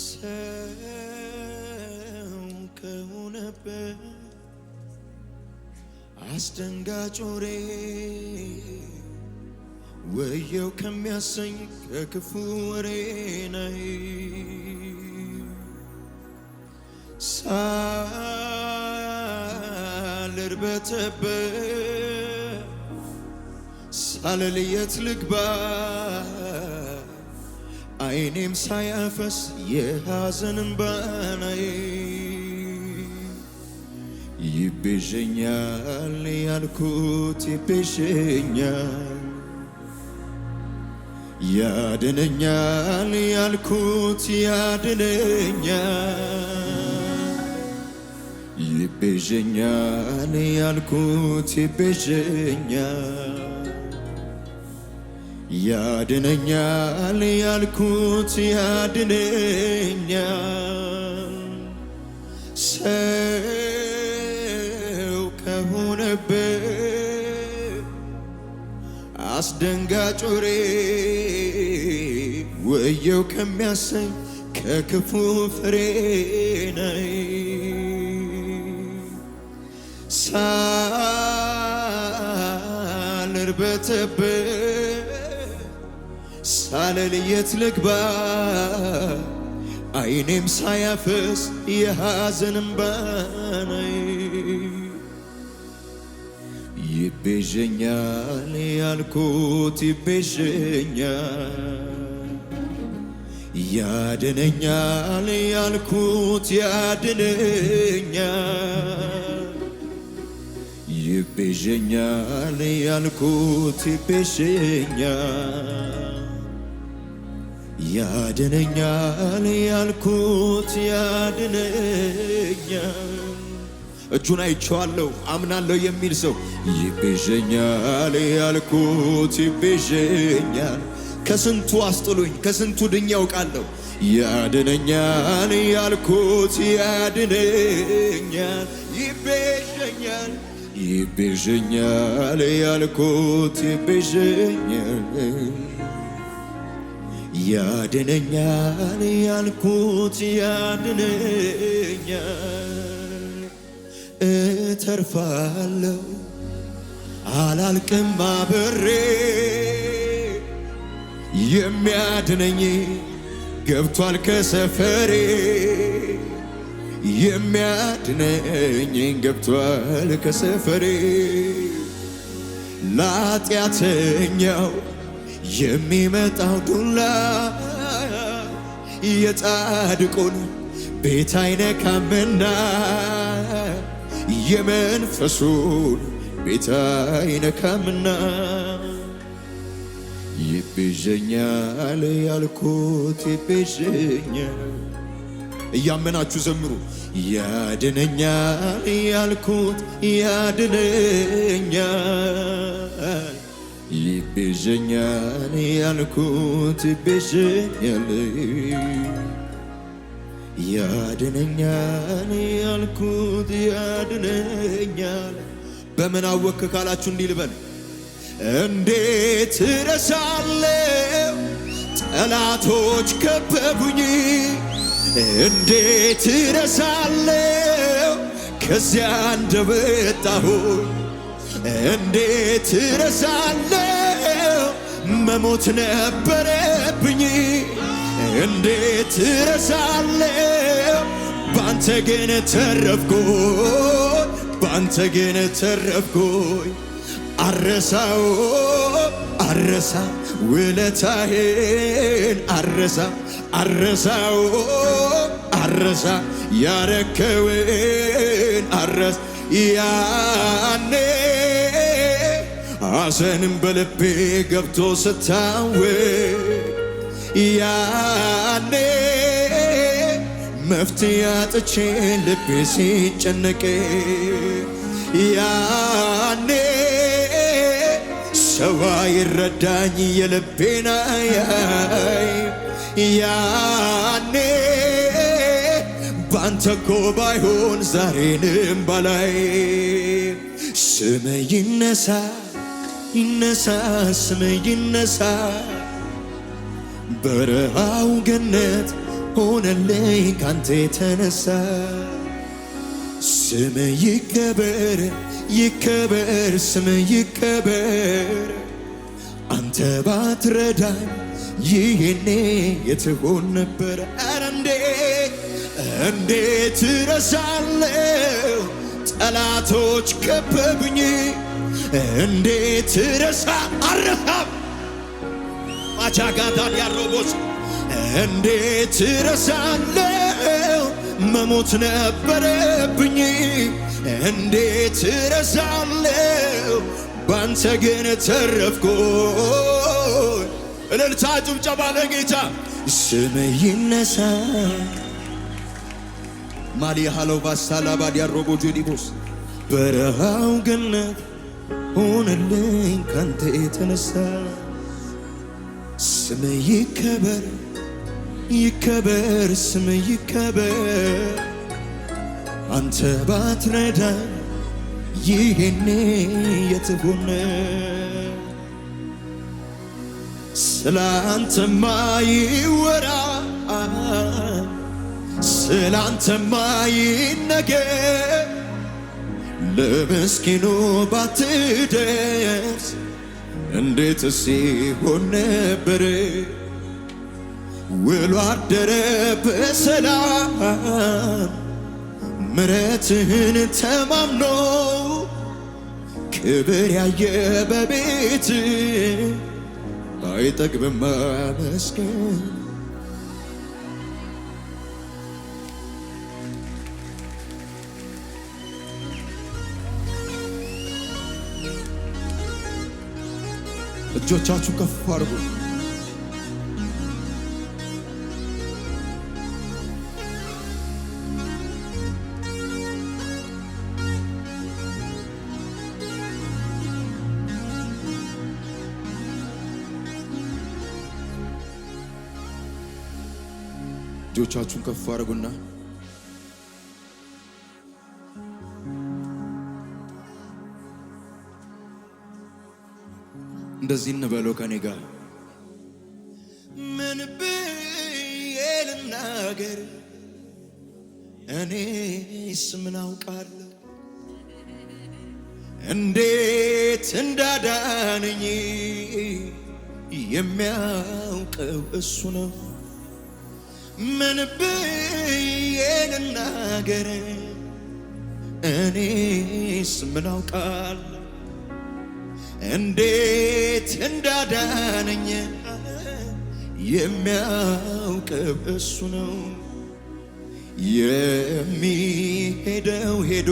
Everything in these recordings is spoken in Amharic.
ሰው ከሆነበት አስደንጋጭ ወሬ ወየው ከሚያሰኝ ከክፉ ወሬ ነይ ሳልርበተበት ሳልለየት ልግባ ከዓይኔም ሳያፈስ የሐዘን እንባ ናዬ ይቤዠኛል ያልኩት ይቤዠኛል ያድነኛል ያልኩት ያድነኛል ይቤዠኛል ያልኩት ይቤዠኛል ያድነኛል ያልኩት ያድነኛል ሰው ከሆነበት አስደንጋጭ ወሬ ወየው ከሚያሰኝ ከክፉ ፍሬ ነይ ሳልርበተበት ሳልል የት ልግባ አይኔም ሳያፍስ የሐዘን እንባ ይቤዠኛል ያልኩት ይቤዠኛል ያድነኛል ያልኩት ያድነኛል ይቤዠኛል ያልኩት ይቤዠኛል ያድነኛል ያልኩት ያድነኛል። እጁን አይቼዋለሁ አምናለሁ የሚል ሰው ይቤዠኛል ያልኩት ይቤዠኛል። ከስንቱ አስጥሉኝ ከስንቱ ድኛ ያውቃለሁ። ያድነኛል ያልኩት ያድነኛል። ይቤዠኛል ይቤዠኛል ያልኩት ይቤዠኛል ያድነኛል ያልኩት ያድነኛል፣ እተርፋለሁ አላልቅም አብሬ የሚያድነኝ ገብቷል ከሰፈሬ የሚያድነኝ ገብቷል ከሰፈሬ ላጢአተኛው የሚመጣው ዱላ የጻድቁን ቤት አይነካምና የመንፈሱን ቤት አይነካምና ይቤዠኛል ያልኩት ይቤዠኛል እያመናችሁ ዘምሩ። ያድነኛል ያልኩት ያድነኛል ይቤዠኛል ያልኩት ይቤዠኛል ያድነኛል ያልኩት ያድነኛል። በምን አወክ ካላችሁ እንዲህ ልበል። እንዴት ረሳለው ጠላቶች ከበቡኝ፣ እንዴት ረሳለው ከዚያ እንደበጣሁ እንዴት ረሳለ መሞት ነበረብኝ እንዴት ረሳለ ባንተ ግን ተረፍኩኝ ባንተ ግን ተረፍኩኝ አረሳው አረሳ ውለታዬን አረሳ አረሳው አረሳ ያረከውን አረስ ያኔ ሐዘንም በልቤ ገብቶ ስታዌ ያኔ መፍትሄ አጥቼ ልቤ ሲጨነቅ ያኔ ሰው አይረዳኝ የልቤን አያይ ያኔ ባንተ እኮ ባይሆን ዛሬንም ባላይ ስም ይነሳ ይነሳ ስም ይነሳ በረሃው ገነት ሆነልኝ ካንተ የተነሳ ስም ይከበር ይከበር ስም ይከበር አንተ ባትረዳኝ ይህኔ የትሆን ነበር አረ እንዴት እንዴት ረሳለሁ ጠላቶች ከበብኝ እንዴት ረሳ አረሳም አቻጋታን ያሮቦስ እንዴት ረሳለው መሞት ነበረብኝ እንዴት ረሳለው ባንተ ግን ተረፍኩ። እልልታ ጭብጨባ ለጌታ ስም ይነሳ ማሊ ሃሎ ባሳላባድ ያሮቦ ጆዲቦስ በረሃው ገነት ሆነልኝ ካንተ የተነሳ ስም ይከበር ይከበር ስም ይከበር አንተ ባትረዳ ይሄኔ የት ስለ አንተማ ይወራ ስለ አንተማ ይነገር ለምስኪኑ ባትደርስ እንዴት ሲሆን ነበር ውሎ አደረ በሰላም ምረትህን ተማምኖ ክብር ያየ በቤት አይጠግብም ማመስገን जो चाचू का फर्क जो चाचू का फर्क ना እንደዚህ እንበለው ከኔ ጋር ምን ብዬ ልናገር? እኔስ ምን አውቃለሁ? እንዴት እንዳዳነኝ የሚያውቀው እሱ ነው። ምን ብዬ ልናገር? እኔስ ምን አውቃለሁ እንዴት እንዳዳነኝ የሚያውቀው እሱ ነው። የሚሄደው ሄዶ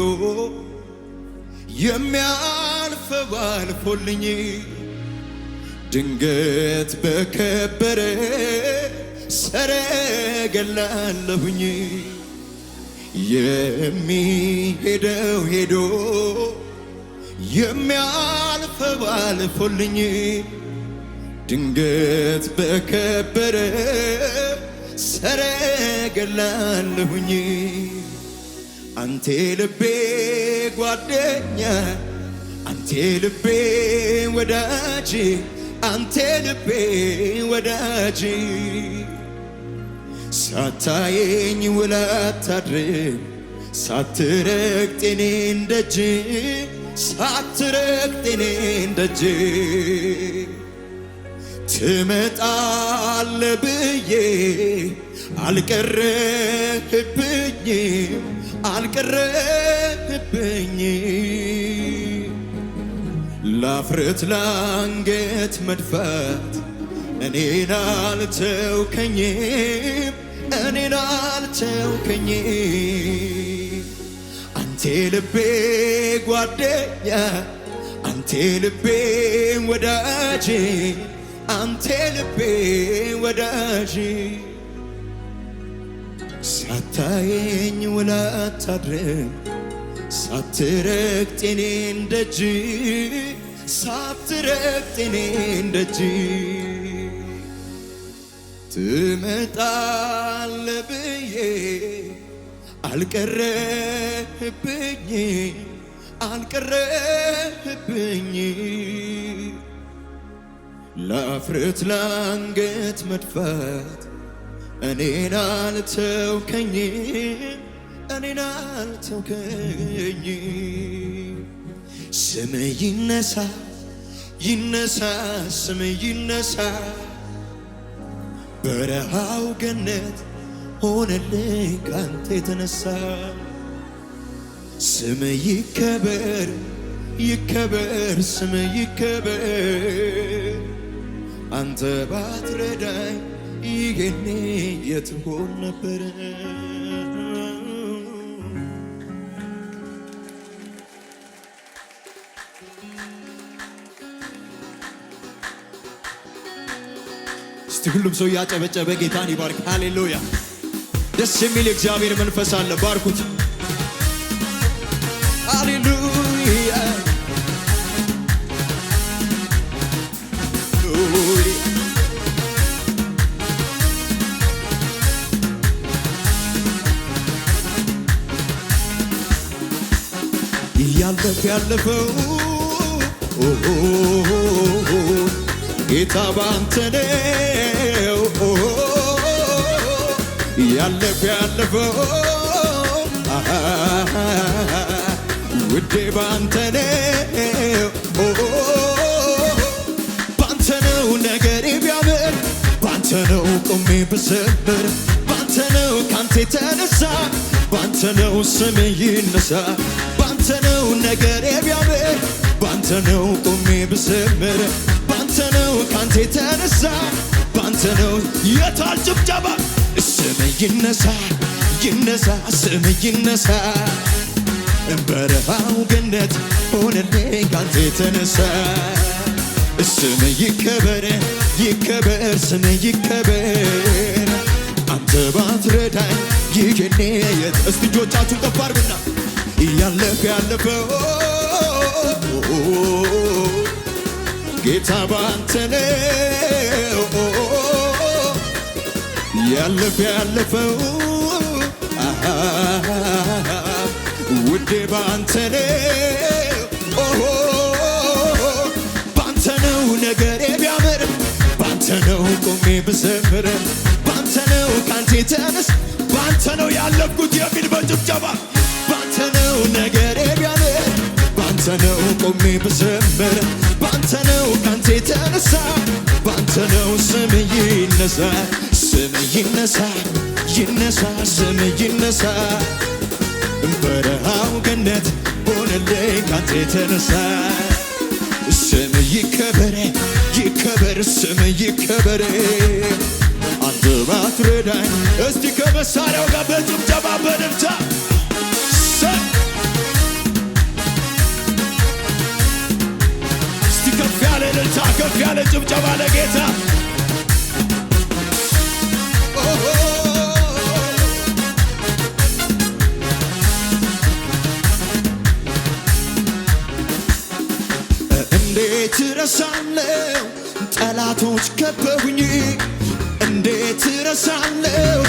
የሚያልፈው አልፎልኝ ድንገት በከበረ ሰረገላለሁኝ የሚሄደው ሄዶ የሚያ ተባልፎልኝ ድንገት በከበረ ሰረገላለሁኝ አንቴ ልቤ ጓደኛ አንቴ ልቤ ወዳጅ አንቴ ልቤ ወዳጅ ሳታየኝ ውላ ሳትረግጤኔ እንደጅ ሳትረግጥ እኔን ደጅ ትመጣለ ብዬ አልቀረህብኝም አልቀረህብኝም ላፍረት ላንገት መድፋት እኔን አልተውከኝም እኔን አልተውከኝም ልቤ ጓደኛ፣ አንቴ ልቤ ወዳጄ፣ አንቴ ልቤ ወዳጄ ሳታየኝ ውላ አታድርም ሳትረግጥ እኔን ደጅ ሳትረግጥ እኔን ደጅ ትመጣለህ ብዬ አልቀረብኝ አልቀረህብኝ ለአፍረት ላንገት መድፋት እኔን አልተውከኝ እኔን አልተውከኝ ስም ይነሳ ይነሳ ስም ይነሳ በረሃው ገነት ሆነልኝ ካንተ የተነሳ ስም ይከበር ይከበር ስም ይከበር አንተ ባትረዳኝ ይሄኔ የትሆን ነበር እስቲ ሁሉም ሰው ያጨበጨበ ጌታን ይባርክ ሃሌሉያ ደስ የሚል የእግዚአብሔር መንፈስ አለ። ባርኩት። ሃሌሉያ ያለፍ ያለፈው ጌታ ባንተ ነው ያለፍ ያለፈው ውዴ ባንተ ባንተነው ባንተ ነው ነገሬ ቢያምር ባንተ ነው ቁሜ ብሰብር ባንተ ነው ካንተ የተነሳ ባንተ ነው ስሜ ይነሳ ባንተ ነው ነገሬ ቢያምር ባንተ ነው ቁሜ ብስምር ባንተ ነው ካንተ የተነሳ ባንተ ነው የታል ጭብጨባ ስም ይነሳ ይነሳ ስም ይነሳ በረሃው ገነት ሆነልኝ ካንተ የተነሳ ስም ይከበር ይከበር ስም ይከበር አንተ ባትረዳኝ ይዤኔ የጥስ ልጆቻችሁን ከፍ አድርጉና እያለፈ ያለፈው ጌታ ባንተ ነው ያለፈ ያለፈው ውዴ ባንተ ነው ባንተ ነው ነገሬ ቢያምር ባንተ ነው ቆሜ ብዘምር ባንተ ነው ካንቴ ተነስ ባንተ ነው ያለፍኩት የሚል በጭብጨባ ባንተ ነው ነገሬ ቢያምር ባንተ ነው ቆሜ ብዘምር ባንተ ነው ካንቴ ተነሳ ባንተ ነው ስም ይነሳ ስም ይነሳ ይነሳ ስም ይነሳ በረሃው ገነት ሆነልኝ ካንተ የተነሳ ስም ይከበር ይከበር ስም ይከበር አንተ ባትረዳኝ እስቲ ከመሳሪያው ጋር በጭብጨባ በደምታ እስቲ ከፍ ያለ እልልታ ከፍ ያለ ጭብጨባ ለጌታ ጠላቶች ከበሁኝ እንዴት ረሳለው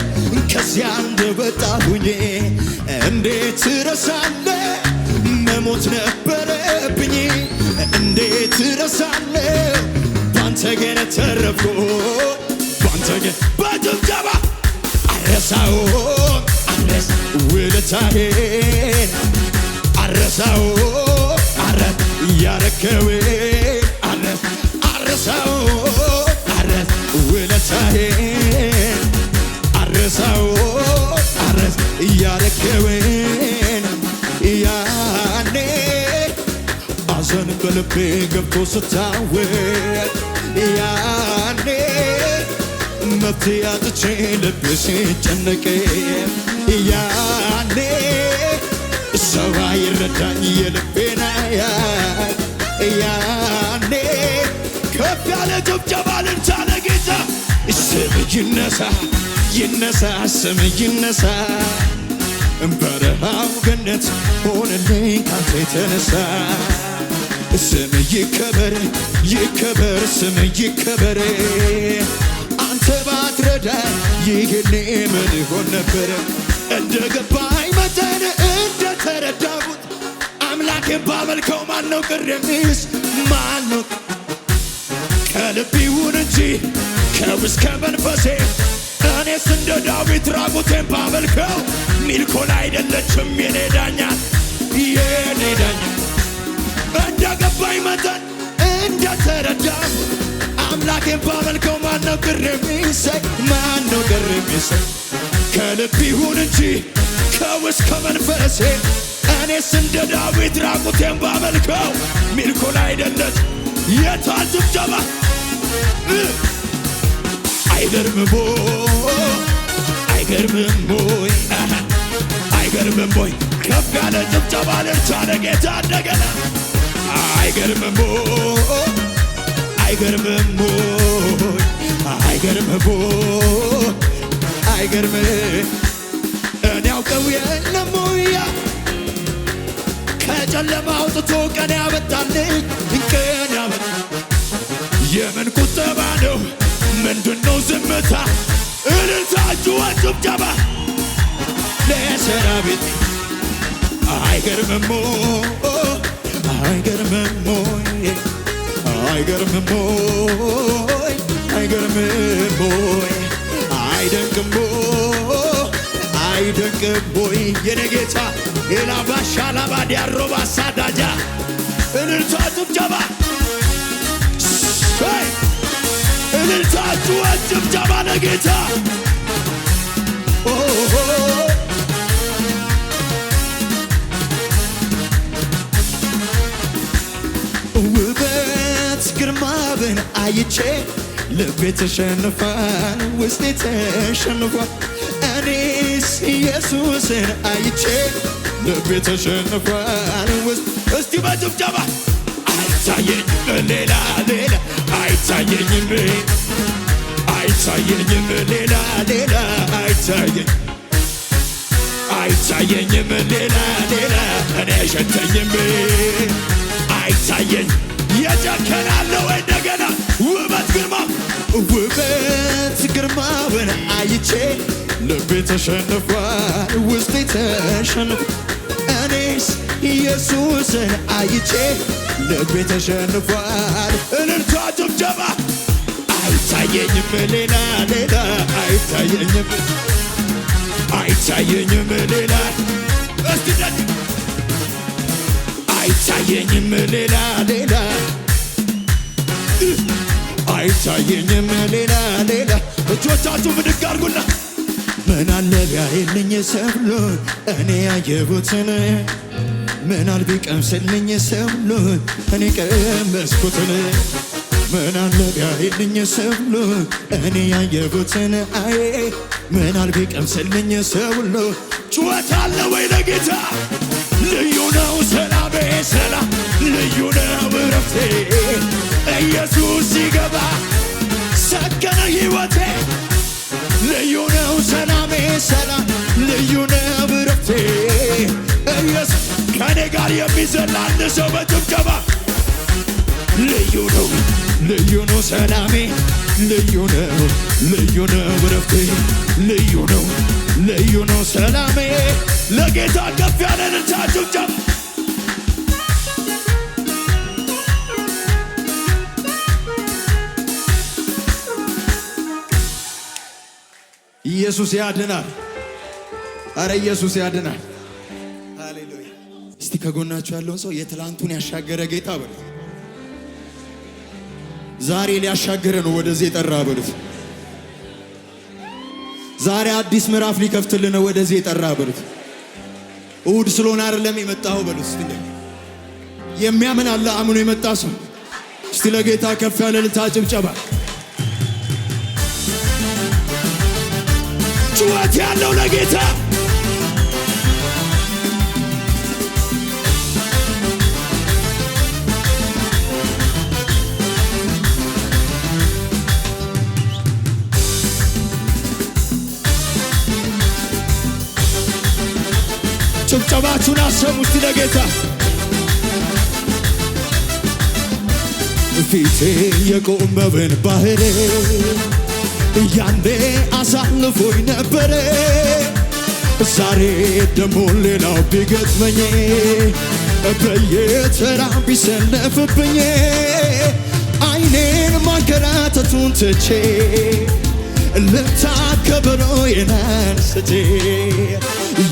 ከዚያ እንደወጣሁኝ እንዴት መሞት ነበረብኝ እንዴት ረሳለው ባንተ ገነ ተረፍኩ ባንተ ገ አረስ ውለታዬን አረሳው አረ ያረከዌ ውለታዬን አረሳው አረስ እያረከበን ያኔ አዘን በልቤ ገብቶ ስታወቅ ያኔ መብት ያጥቼ ልቤ ሲጨነቅ ያኔ ሰባ ይረዳኝ የልቤና ያ ያኔ ከፍ ያለ ጭብጨባ ልንቻለ ጌታ ስም ይነሳ ይነሳ ስም ይነሳ በረሃው ገነት ሆነልኝ ካንተ የተነሳ ስም ይከበር ይከበር ስም ይከበር አንተ ባትረዳ ይህኔ ምን ሆን ነበረ እንደ ገባኝ መጠን እንደ ተረዳሁት አምላኬን ባመልከው ማን ነው ቅር የሚስ ማን ነው ከልብ እንጂ ከውስጥ እስከ መንፈሴ እኔስ እንደ ዳዊት ራቁቴን ባመልከው ሚልኮል አይደለችም የኔ ዳኛ የኔ ዳኛ እንደ ገባኝ መጠን እንደ አምላኬን ባመልከው ማነው ቅር የሚሰኝ ማነው ቅር የሚሰኝ ከልብ ይሁን እንጂ ከውስጥ ከመንፈሴ እኔስ እንደ ዳዊት ራቁቴን ባመልከው ሚልኮል አይደለች የታል ጭብጨባ አይገርምም ቦይ አይገርምም ቦይ አይገርምም ቦይ ከፍ ያለ ጭብጨባ ለቻለ ጌታ እንደገና አይገርምም አይገርምም ቦይ አይገርምም ቦይ እኔ አውቀው የለም ሙያ ከጨለማ አውጥቶ ቀን ያበጣልኝ ቀን ያበጣ የምን ቁጠባ ነው ምንድነው ዝምታ እልልታ እጅዋ ጭብጨባ ለሰራዊት አይገርምም አይገርምም አይገርምም አይገርምም አይደንቅም አይደንቅም ቦይ የኔ ጌታ ኤላባሻ ላባዲ ያሮባ እልልታ ጭብጨባ እልልታ ጭብጨባ ለጌታ ውበት ግርማብን አይቼ ልቤ ተሸንፏል፣ ውስጤ ተሸንፏል። እኔስ ኢየሱስን አይቼ ልቤ ተሸንፏል። እስቲ በጭብጨባ አይታየኝ ሌላ ሌላ አይታየኝም አይታየኝም ሌላ ሌላ አይታየኝ አይታየኝም ሌላ ሌላ እኔ አይሸተኝም አይታየኝ የጨከናለው እንደገና ውበት ግርማ ውበት ግርማውን አይቼ ልቤ ተሸንፏል ውስጤ ተሸንፏል እኔስ ኢየሱስን አይቼ ልቤ ተሸንፏል። እልልታ ጭብጨባ አይታየኝም ሌላ ሌላ አይታየኝም አይታየኝም ሌላ እስቲ አይታየኝም ሌላ ሌላ አይታየኝም ሌላ ሌላ እጆቻችሁ ብድግ አድርጉና ምን አለ ቢያየልኝ ሰብሎን እኔ ያየሁትን ምናል ቢቀምስልኝ ሰብሉን እኔ ቀመስኩትን ምናል ቢያይልኝ ሰብሉን እኔ ያየሁትን አይ ምናል ቢቀምስልኝ ሰብሉ ጩኸት አለ ወይ ለጌታ ልዩ ነው ሰላሜ ሰላም ልዩ ነው እረፍቴ ኢየሱስ ሲገባ ሰከነ ሕይወቴ ልዩ ነው ከኔ ጋር የሚዘል አንድ ሰው በጭብጨባ ልዩ ነው ልዩ ነው ሰላሜ ልዩ ነው ልዩ ነው ረፍቴ ልዩ ነው ልዩ ነው ሰላሜ ለጌታ ከፍ ያለ ልልታ ጭብጨባ ኢየሱስ ያድናል። አረ ኢየሱስ ያድናል። ከጎናችሁ ያለውን ሰው የትላንቱን ያሻገረ ጌታ በሉት። ዛሬ ሊያሻገረ ነው ወደዚህ የጠራ በሉት። ዛሬ አዲስ ምዕራፍ ሊከፍትልን ነው ወደዚህ የጠራ በሉት። እሁድ ስለሆነ አይደለም የመጣው በሉት። እስቲ የሚያምን አለ አምኖ የመጣ ሰው እስቲ ለጌታ ከፍ ያለ ልታ ጭብጨባ ጩኸት ያለው ለጌታ ጭብጨባችሁን አሰሙት ለጌታ ፊቴ የቆመብን ባህር እያንዴ አሳልፎኝ ነበረ ዛሬ ደሞ ሌላው ቢገጥመኝ በየተራ ቢሰነፍብኝ አይኔን ማንከራተቱን ትቼ እልልታ ከበሮ የናንስቴ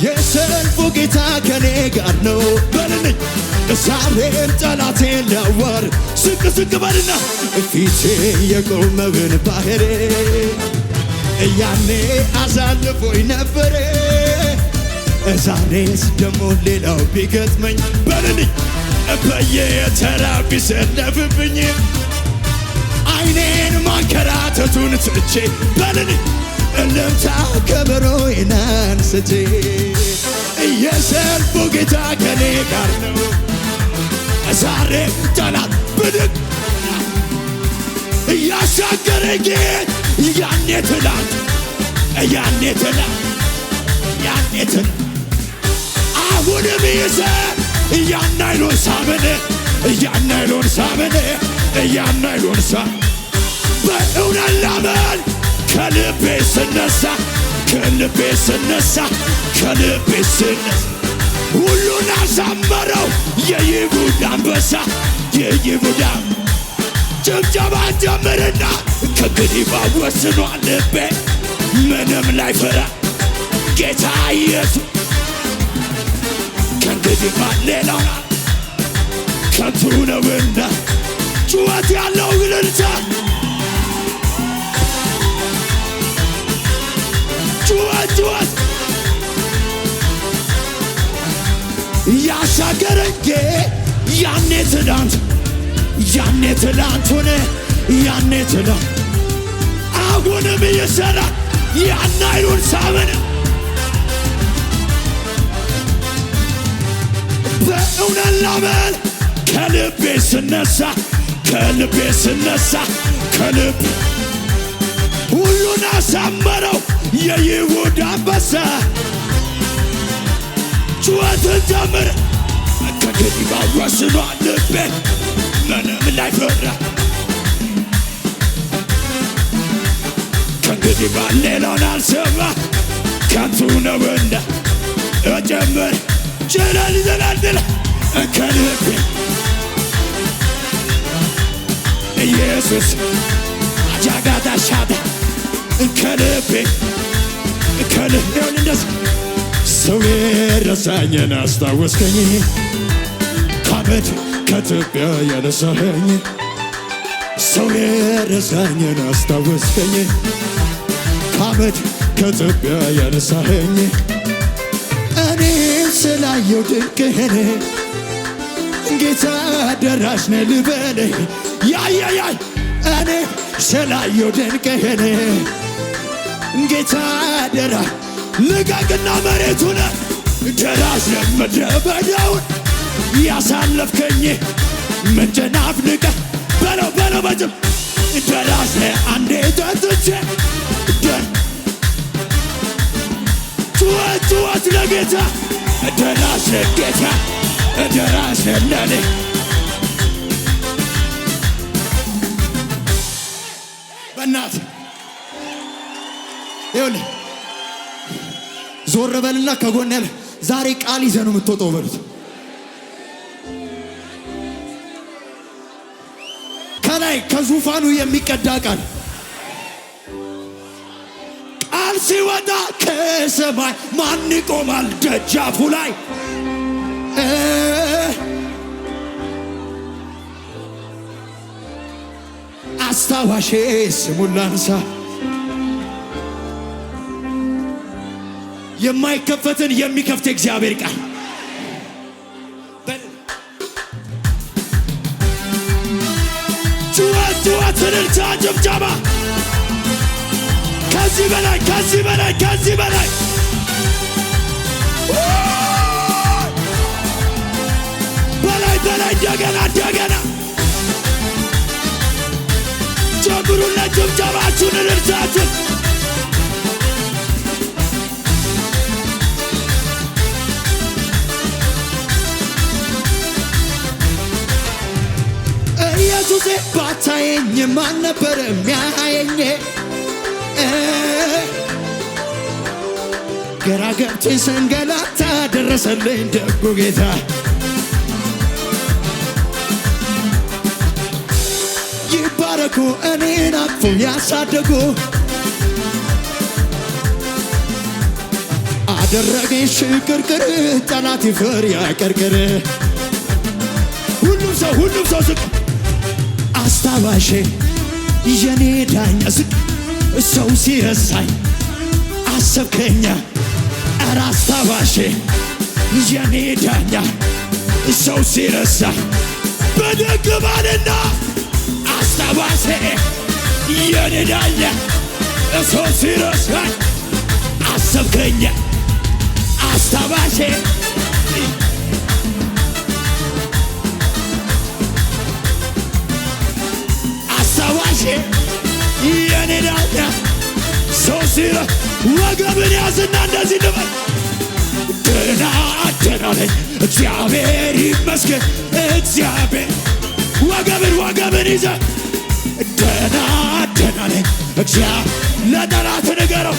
የሰልፉ ጌታ ከኔ ጋር ነው በልልኝ ዛሬም ጠላቴ ሊያዋር ስቅ ስቅ በልና ፊቴ የቆመውን ባህሬ ያኔ አሳልፎኝ ነበረ ዛሬስ ደሞ ሌላው ቢገጥመኝ በልልኝ በየተራ ቢሰለፍብኝ አይኔን ማንከራተቱን ትቼ በልን እልምታ ከበሮዬን የሰልፉ ጌታ ከኔ ጋር ነው ዛሬ ጠላት ብድግ እያሻገረ ጌት ያኔ ያኔ ያኔ አሁንም ይዘ እያናይሎን እያናይሎን እያናይሎን በእውነት ላመን ከልቤ ስነሳ ከልቤ ስነሳ ከልቤ ስነሳ ሁሉን አሳመረው የይሁዳ አንበሳ የይሁዳ ጭብጨባ ጀምርና ከእንግዲህ ባወስኗል ልቤ ምንም ላይፈራ ጌታ ኢየሱስ ከእንግዲህ ሌላ ከንቱ ነውና ጩኸት ያለው እልልታ ጩወት ያሻገረኝ ያኔ ትላንት ያኔ ትላንት ሆነ ያኔ ትላንት አሁንም እየሰራ ያን አይሉን ሳምን በእውነት ላመን ከልቤ ስነሳ ከልቤ ስነሳ ከልብ ሁሉን አሳመረው የይሁዳ አንበሳ ጩኸትን ጀምር ከእንግዲህ ባወስኗል ልቤ ምንም ላይፈራ ከእንግዲህ ባሌላን አልሰማ ከንቱ ነውና እጀምር ጭረን ይዘናድለ ከልቤ ኢየሱስ ሰው የረሳኝን አስታወስከኝ ካበድ ከኢትዮጵያ ያነሳኸኝ ሰው የረሳኝን አስታወስከኝ ካበድ ከኢትዮጵያ ያነሳኸኝ እኔ ስላየው ድንቅህን ጌታ ደራሽ ነህ ልበል ያያያይ እኔ ስላየው ድንቅህን ጌታ ደራሽ ልቀቅና መሬቱን ደራሽ የምደበደውን ያሳለፍከኝ በለው በለው በጭም አንዴ ጠጥቼ ለጌታ ጌታ ለኔ በእናት ዞር በልና ከጎን ያለ ዛሬ ቃል ይዘህ ነው የምትወጣው በሉት። ከላይ ከዙፋኑ የሚቀዳ ቃል ቃል ሲወጣ ከሰማይ ማን ይቆማል ደጃፉ ላይ? አስታዋሼ ስሙን ላንሳ የማይከፈትን የሚከፍት እግዚአብሔር ቃል ጩኸት ጩኸት፣ ጭብጨባ ከዚህ በላይ ከዚህ በላይ ከዚህ በላይ በላይ በላይ እንደገና እንደገና ጨምሩለት ጭብጨባችሁን እልልታችን ባታየኝ ማን ነበር የሚያየኝ? ግራ ገብቶኝ ስንገላታ ደረሰልኝ ደጉ ጌታ። ይባረኩ እኔን አቅፎ ያሳደጉ አደረገኝ ሽቅርቅር ጠላት ይፈር ያቀርቅር ሁሉም ሰው ሁሉም ሰው አስታዋሼ የኔ ዳኛ ዝቅ ሰው ሲረሳኝ አሰብከኛ ኧረ አስታዋሼ የኔ ዳኛ ሰው ሲረሳኝ በደግ ባልና አስታዋሼ የኔ ዳኛ ሰው ሲረሳኝ አሰብከኛ አስታዋሼ ፈራሽ የኔ ዳኛ ሰው ሲለ ወገብን ያዝና እንደዚህ ልበል ደህና አደራለኝ እግዚአብሔር ይመስገን እግዚአብሔር ወገብን ወገብን ይዘ ደህና አደራለኝ እግዚአ ለጠላት ንገረው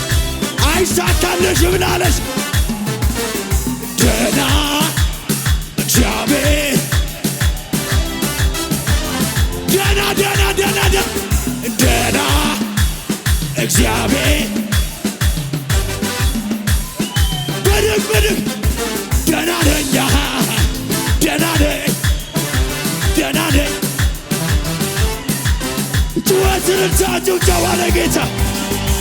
አይሳካልሽ ብላለች ደህና እግዚአብሔር ደና ደና ደና ደና እግዚአብሔር ብድግ ብድግ ደና ነኝ ደና ነኝ ደና ነኝ ጩኸትን ጨዋለ ጌታ